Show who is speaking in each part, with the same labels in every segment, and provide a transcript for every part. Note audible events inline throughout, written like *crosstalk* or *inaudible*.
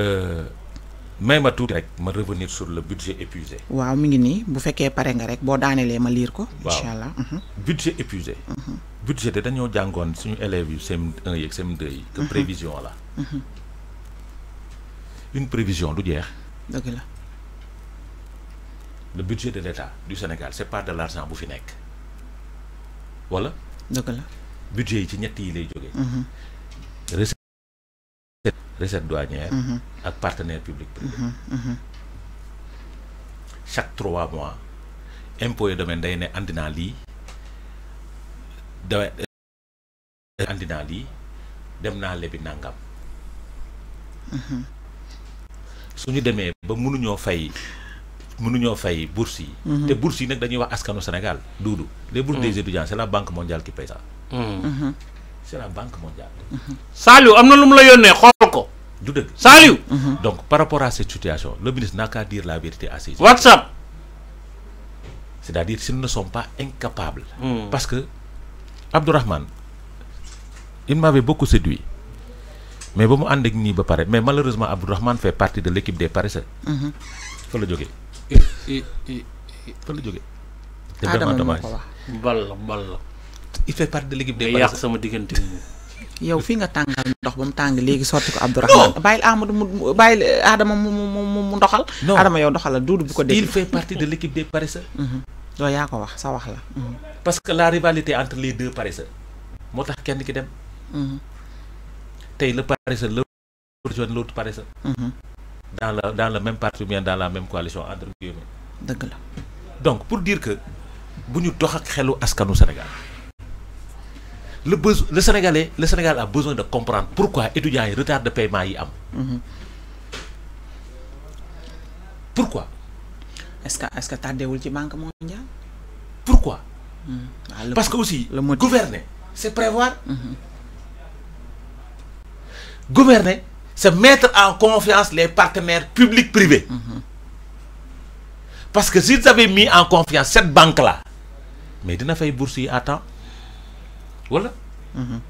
Speaker 1: Euh, may ma tout rek ma revenir sur le budget épuisé.
Speaker 2: waaw mi ngi nii bu fekkee pare nga rek boo daanelee ma lire ko. incha allah mhm.
Speaker 1: budget épuisé. Mhm. budget de dañoo jàngoon suñu élèves yu CM1 yeeg CM2 yi. que mhm. prévision la. une prévision du jeex. dëgg la. le budget de l'État du Sénégal c'est pas de l'argent bu fi nekk wala. dëgg la budget yi ci ñett yi lay jógee. recette douanière mm-hmm. ak partenaire public privé
Speaker 2: mm-hmm. mm-hmm.
Speaker 1: chaque trois mois impôt et domaine day ne andi naa lii da andi lii dem naa lebi nàngam suñu demee ba mënuñoo fay mënuñoo fay bourse yi te bourse yi nag dañuy wax askanu Sénégal duudu les bourses mm. des étudiants c'est la banque mondiale qui paie mm. c'est la banque mondiale Saliou am na lu mu la yónnee xool salut. saliw mm-hmm. donc par rapport à cette situation le ministre n'a qu'à dire la vérité à ses whatsapp c'est-à-dire s'ils ne sont pas incapables mm. parce que Abdourahman il m'avait beaucoup séduit mais bon and ak ni ba paré mais malheureusement Abdourahman fait partie de l'équipe des paresseux hmm fa la et eh, eh, eh, fa la joggé c'est vraiment dommage bal bal il fait partie de l'équipe des paresseux
Speaker 2: yow fii nga tàngal ndox ba mu tàng léegi sotti ko Abdourahmane bàyyil Amadou mu Adama mu mu mu ndoxal. Adama yow ndoxal duudu bu ko dégg. il fait partie de l'équipe des paresseux. loolu mm-hmm. yaa ko wax sa wax la. Mm-hmm.
Speaker 1: parce que la rivalité entre les deux paresseux moo tax kenn ki dem. Mm-hmm. tey le paresseux le rejoint l'autre paresseux. dans la dans le même parti ou bien dans la même coalition entre guillemets. dëgg la donc pour dire que bu ñu dox ak xelu askanu Sénégal. le le sénégalais Sénégal a besoin de comprendre pourquoi étudiants un retard de paiement
Speaker 2: mhm. pourquoi. est-ce que est-ce que tardewul ci banque pourquoi. Mhm.
Speaker 1: Ah, parce que aussi. gouverner
Speaker 2: c'est prévoir.
Speaker 1: Mhm. gouverner c'est mettre en confiance les partenaires publics privés. parce que s'ils avaient mis en confiance cette banque là mais dina fait bourse yi à temps Voilà. Mm-hmm.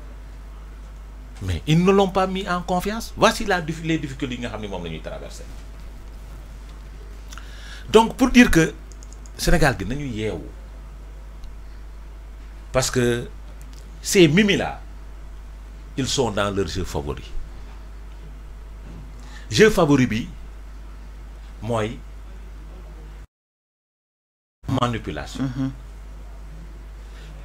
Speaker 1: Mais ils ne l'ont pas mis en confiance. Voici les difficultés que nous avons traversées. Donc, pour dire que le Sénégal est là Parce que ces mimi-là, ils sont dans leur jeu favori. Jeu favori, moi, manipulation. Mm-hmm.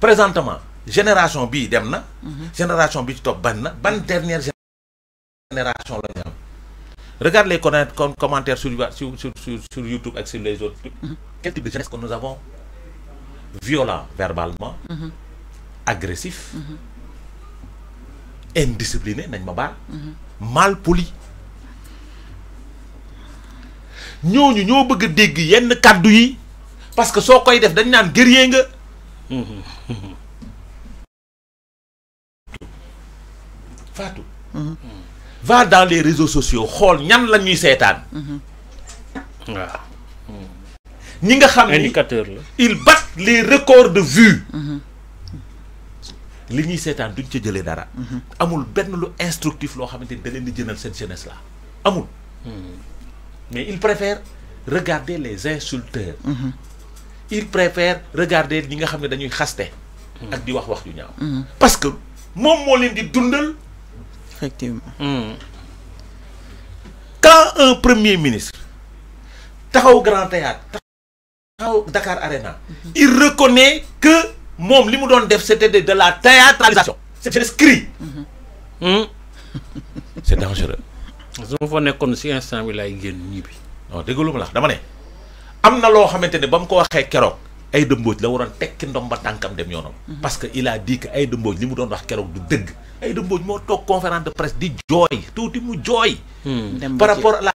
Speaker 1: présentement génération bi mhm. génération bi dernière génération la regarde les commentaires sur, sur, YouTube et sur les autres. Mhm. Quel type de jeunesse nous avons Violent verbalement, mhm. agressif, indiscipliné, mal poli. Nous, nous, nous, nous, nous, nous, nous, nous, nous, nous, nous, nous, nous, nous, Fatou. va dans les réseaux sociaux xool ñan la ñuy seetaan. waaw. ñi nga xam ni indicateur la ils battent les records de vues. li ñuy seetaan duñ ca jëlee dara. amul ben lu instructif lo xamante dañ da di jënal seen jeunesse la amul. Hmm. mais ils préfèrent regarder les insulteurs. il préfère regarder ñi nga xam ne dañuy xaste mm. ak di wax wax yu ñaaw mm. parce que moom moo leen di dundal mm. quand un premier ministre taxaw grand théâtre taxaw Dakar Arena mm-hmm. il reconnaît que moom li mu doon def c'était de la théâtralisation c'est l'escrit c'est dangereux su ma fa nekkoon si instant bi laay génn ñibbi déggaluma la dama ne am na loo xamante ne ba mu ko waxee keroog Aïda Mbodj la waroon tekki ndom ba tànkam dem yoonam. Mhm. parce que il a dit que Aïda Mbodj li mu doon wax keroog du dëgg. Aïda Mbodj moo toog conférence de presse di jooy tuuti mu jooy. Hmm. par rapport
Speaker 2: à la.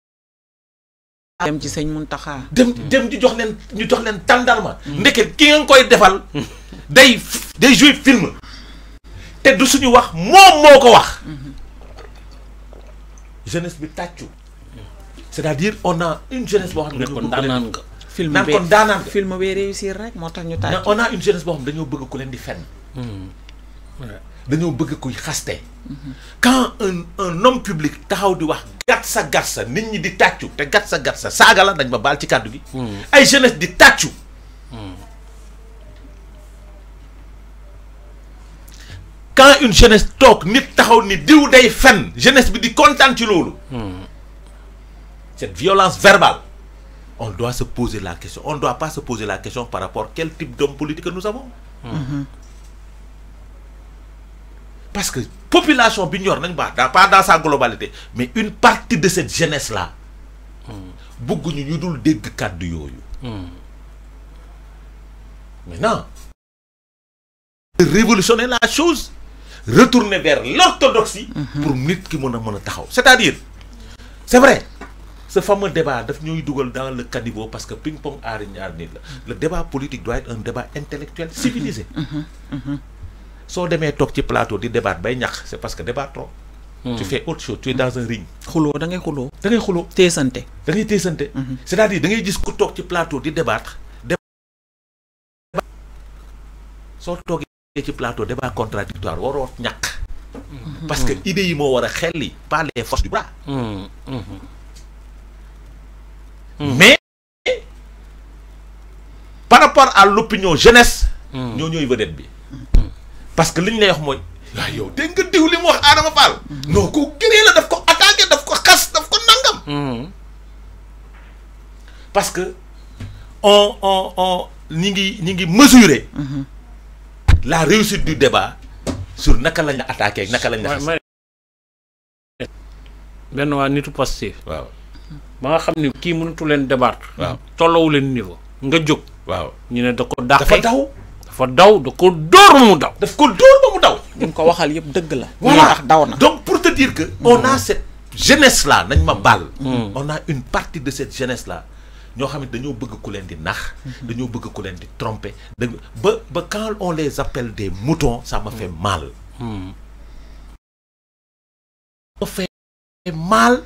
Speaker 2: ci sëñ Muntaxa dem dem di jox leen ñu jox leen tàndarma. Hmm. ndeket ki nga koy defal. Hmm. day day jouer film.
Speaker 1: suñu wax moom moo ko wax. jeunesse bi tàccu. c'est-à-dire on a une jeunesse boo xam ne. kon daanaan nga. film bi daanaan film bi réussir rek moo tax ñu taal on a une jeunesse boo xam dañoo bëgg ku leen di fenn. Hmm. dañoo bëgg kuy xaste. quand un un homme public taxaw di wax gatsa gatsa nit ñi di tàccu te gatsa sa saaga la dañ ma baal ci kàddu gi. Hmm. ay jeunesse di tàccu. Hmm. quand une jeunesse toog nit taxaw ni diw day fenn jeunesse bi di kontaan ci loolu. cette violence verbale on doit se poser la question. On ne doit pas se poser la question par rapport à quel type d'homme politique nous avons. Mhm. Parce que la population pas dans sa globalité, mais une partie de cette jeunesse-là, mhm. beaucoup nous mhm. Maintenant, révolutionner la chose, retourner vers l'orthodoxie pour mieux qui C'est-à-dire, c'est vrai, ce fameux débat daf ñuy dugal dans le caniveau parce que ping pong aari ñaar nit la le débat politique doit être un débat intellectuel civilisé mm-hmm. Mm-hmm. Mm-hmm. soo demee toog ci plateau di débat bay ñax c'est parce que débat trop mm. tu fais autre da ngay xuloo da ngay xuloo teesante da ngay teesante cest da ngay gis ku toog ci di débattre débat soo toogee ci plateau débat contradictoire waroo ñàkk parce que idées yi moo war a xelli pas les forces du bras Mm-hmm. Mais, par rapport à l'opinion jeunesse, nous mm-hmm. ñoo vedette bi. Mm-hmm. parce que liñ lay wax que nous yow diw li wax Adama Fall. non la daf daf ko daf nangam. parce que on on on ñi ngi ñi ngi mesurer. la réussite du débat sur naka lañ la naka lañ la wa nitu positif waaw ba nga xam ni kii mënatu leen débattre. waaw tolloowu leen niveau. nga jóg. waaw ñu ne da ko dàqee dafa daw. dafa daw da ko door ba mu daw. daf ko door ba mu daw. ñu ko waxal yëpp dëgg la. voilà tax daw na donc pour te dire que. on a mm. cette jeunesse là nañ ma baal. Mm. on a une partie de cette jeunesse là. ñoo xam ne dañoo bëgg ku leen di nax mm-hmm. dañoo bëgg ku leen di tromper dëgg ba ba quand on les appelle des moutons ça me fait mm. mal. ça fait mal.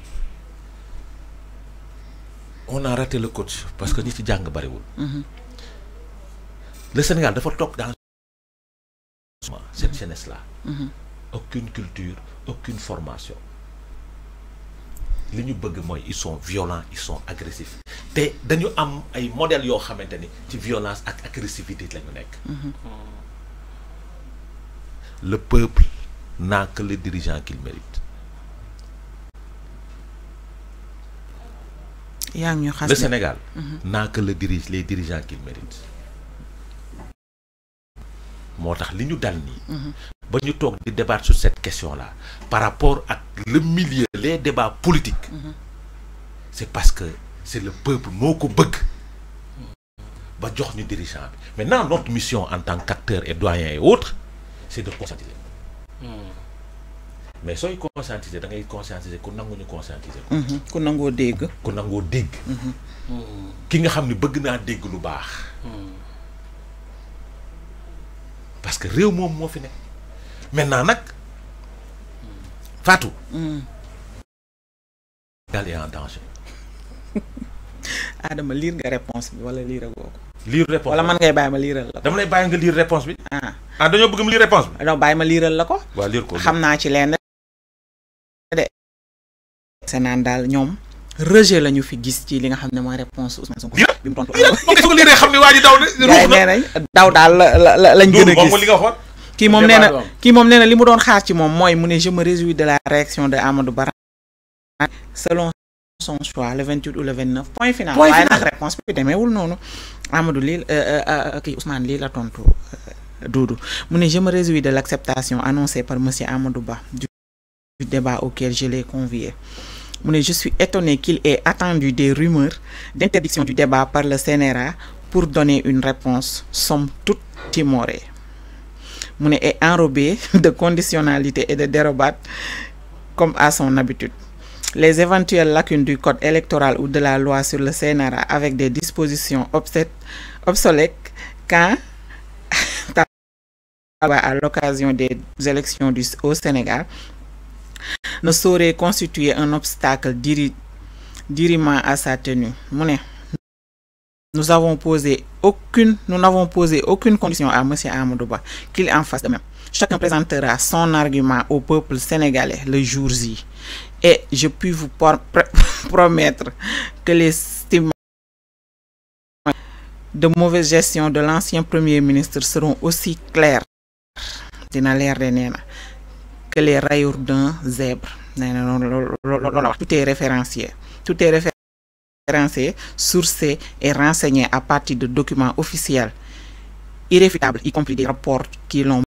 Speaker 1: on a raté le coach parce que ñi ci jàng bariwul. Mhm. le Sénégal de photo dans cette jeunesse là. Mhm. aucune culture aucune formation les ñu bëgg mooy ils sont violents ils sont agressifs des dañu am ay modèles yoo a ni ci violence ak agressivité la ñu mhm. le peuple n'a que les dirigeants qu'il mérite.
Speaker 2: le Sénégal mhm.
Speaker 1: n'a que les dirigeants qu'il mérite méritent. li ñu mhm. sur cette question là par rapport à le milieu les débats politiques mhm. c'est parce que c'est le peuple qui maintenant notre mission en tant qu'acteur et doyen et autres c'est de conscientiser mais sooy conscientiser da ngay conscientiser ku nangu ñu conscientiser ko. Mhm. ku nangoo dégg. ku nangoo dégg. Mhm. ki nga xam ni bëgg naa dégg lu baax. parce que réew moom moo fi nekk maintenant nag Fatou. Mhm. Sénégal est en danger. *laughs*
Speaker 2: Adama liir nga réponse bi wala liir a goo ko. liir réponse wala man ngay bàyyi ma liiral la ko. dama lay bàyyi nga liir ah. ah, réponse bi. ah dañoo bëgg mu liir réponse bi. donc bàyyi ma liiral la ko. waaw liir ko xam naa ci lenn. se naan daal rejet lañu fi gis ci li nga xamné ne réponse Ousmane Sonko bi mu tontu ko lire xam ne waa ji daw nee daw dal lañu lañ gën a gis kii moom nee na kii moom nee na li mu doon xaar ci mom moy mu je me réjouis de la réaction de Amadou Ba selon son choix le 28 ou le 29 point final waaye nag réponse bi déméwul noonu Amadou euh, euh, euh kii Ousmane lii la tontu euh, Doudou mu je me réjouis de l'acceptation annoncée par monsieur Amadou Ba du débat auquel je l'ai convié je suis étonné qu'il ait attendu des rumeurs d'interdiction du débat par le CNRA pour donner une réponse somme toute timorée Il est enrobé de conditionnalité et de dérobate comme à son habitude les éventuelles lacunes du code électoral ou de la loi sur le CNRA avec des dispositions obsolètes quand à *laughs* l'occasion des élections au Sénégal ne saurait constituer un obstacle dirimant à sa tenue nous avons posé aucune nous n'avons posé aucune condition à M. Amadouba qu'il en fasse de même chacun présentera son argument au peuple sénégalais le jour J et je puis vous *laughs* promettre que les de mauvaise gestion de l'ancien premier ministre seront aussi clairs que les rayures d'un zèbre tout est référencié tout est référencié sourcé et renseigné à partir de documents officiels irréfutables y compris des rapports qui l'ont